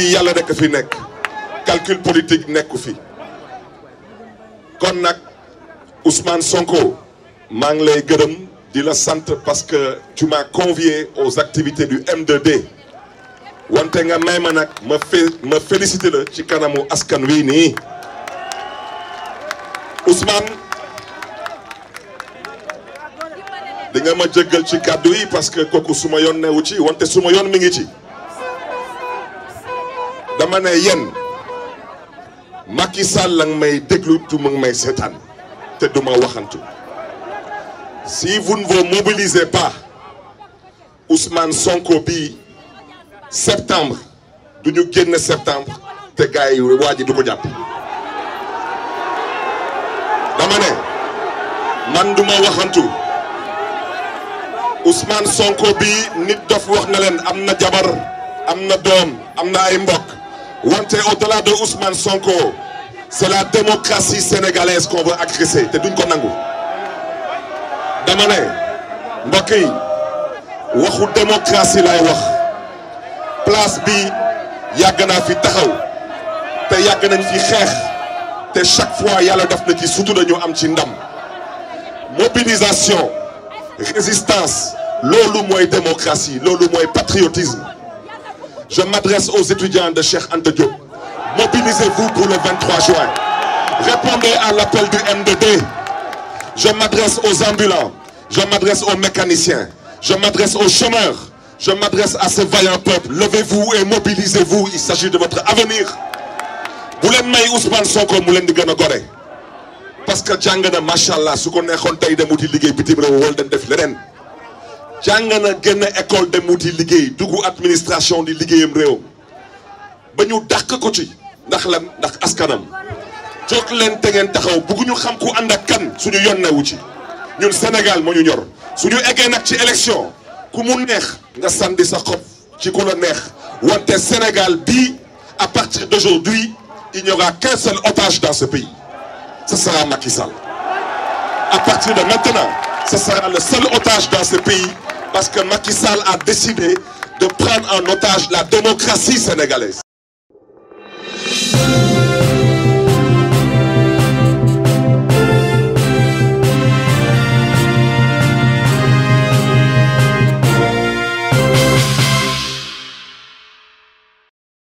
fii yàlla rek fi nekk calcul politique nekku fi kon nag Ousmane Sonko maa ngi lay gërëm di la sant parce que tu m'as convié aux activités du m wante nga may ma nag ma fé ma la ci kanamu askan wi nii Ousmane di nga ma jéggal ci kàddu yi parce que kooku su ma yoon newu ci wante su ma yoon mi ngi ci dama ne yéen Macky Sall la may déglu tu may seetaan te du ma waxantu si vous ne vous pas Ousmane Sonko bii septembre du ñu génn septembre te gars yi waa du ko jàpp. dama ne man du ma waxantu Ousmane Sonko bi nit dof wax na leen am na jabar am na doom am na ay mbokk. wante au-delà de Ousmane Sonko c'est la démocratie sénégalaise qu'on veut agresser te duñ ko nangu dama ne mbokk yi waxu démocratie lay wax place bi yàgg naa fi taxaw te yàgg nañ fi xeex te chaque fois yàlla def na ci surtout dañu am ci ndam mobilisation résistance loolu mooy démocratie loolu mooy patriotisme Je m'adresse aux étudiants de Cheikh Ante Diop. Mobilisez-vous pour le juin. Répondez à l'appel du M2D. Je m'adresse aux ambulants. Je m'adresse aux mécaniciens. Je m'adresse aux chômeurs. Je m'adresse à ce vaillant peuple. Levez-vous et mobilisez-vous. Il s'agit de votre avenir. bu leen may Ousmane Sonko mu leen di gën a gore parce que jàng de macha allah su ko neexoon tey dem wuti liggéey bitim réew wala dem def leneen. jàng na génn école mu wuti liggéey dugg administration di liggéeyam réew ba ñu dàq ko ci ndax la ndax askanam jóg leen te ngeen taxaw bugguñu xam ku ànd ak kan suñu yoon newu ci ñun Sénégal moo ñu ñor suñu eggee nag ci élection ku mu neex nga sandi sa xob ci ku la neex wante Sénégal bi à partir d'aujourd'hui il n'y aura qu'un seul otage dans ce pays ce sera Macky à partir de maintenant ce sera le seul otage dans ce pays parce que Macky Sall a décidé de prendre en otage la démocratie sénégalaise.